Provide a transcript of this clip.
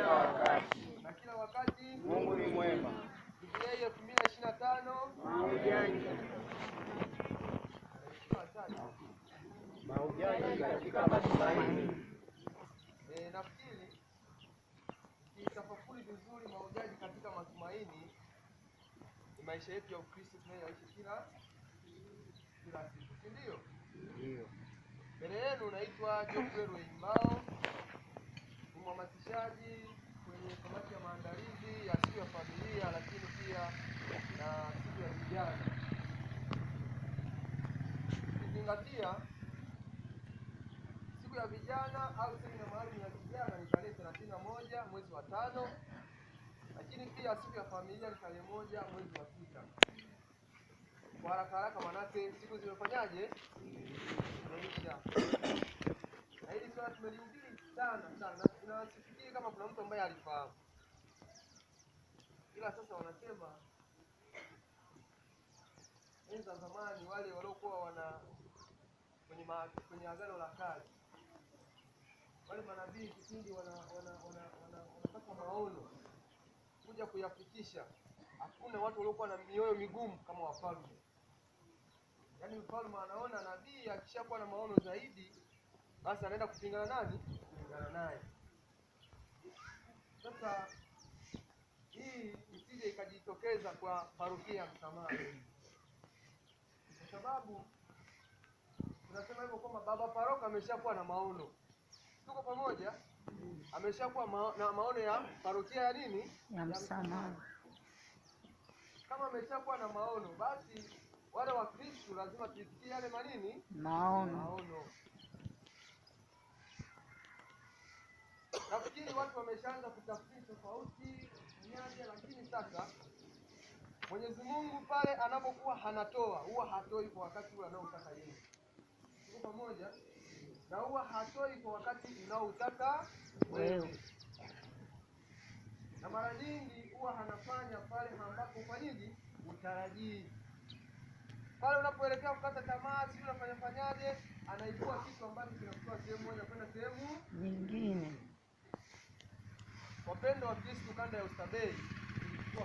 kila wakati, na kila wakati Mungu ni mwema. Jubilei elfu mbili na ishirini na tano mahujaji katika matumaini. Nafikiri kitafakuri vizuri mahujaji katika matumaini ni maisha yetu ya Ukristo tunayoishi kila kila siku, si ndio? Mbele yenu naitwa Geoffrey Rweimao uwasilishaji kwenye kamati ya maandalizi ya siku ya familia, lakini pia na siku ya vijana, ukizingatia siku ya vijana au semina maalum ya vijana ni tarehe thelathini na moja mwezi wa tano, lakini pia siku ya familia ni tarehe moja mwezi wa sita. Kwa haraka haraka, manake siku zimefanyaje zimeisha, na hili swala tumelihubiri sana sana na sifikiri kama kuna mtu ambaye alifahamu, ila sasa wanasema enza zamani wale waliokuwa wana kwenye kwenye agano la kale wale manabii kipindi wanapata wana, wana, wana, maono kuja kuyafikisha, hakuna watu waliokuwa na mioyo migumu kama wafalme. Yaani mfalme anaona nabii akishakuwa na maono zaidi, basi anaenda kupingana nani, kupingana naye. Sasa hii isije ikajitokeza kwa parokia ya Msamaha, kwa sababu tunasema hivyo kwamba baba paroko ameshakuwa na maono, tuko pamoja, ameshakuwa ma na maono ya parokia ya nini, ya Msamaha. Kama ameshakuwa na maono, basi wale wa Kristo lazima tuitikie yale manini maono. watu wameshaanza kutafsiri tofauti nyaja, lakini sasa Mwenyezi Mungu pale anapokuwa hanatoa huwa hatoi kwa wakati ule anaotaka yeye. Tuko pamoja? Na huwa hatoi kwa wakati unaotaka wewe, na mara nyingi huwa hanafanya pale ambapo nini utarajii pale unapoelekea kukata tamaa, sijui unafanya fanyaje, anaibua kitu ambacho kinakutoa sehemu moja kwenda sehemu nyingine. Wapendwa wa Kristo kanda ya Oysterbay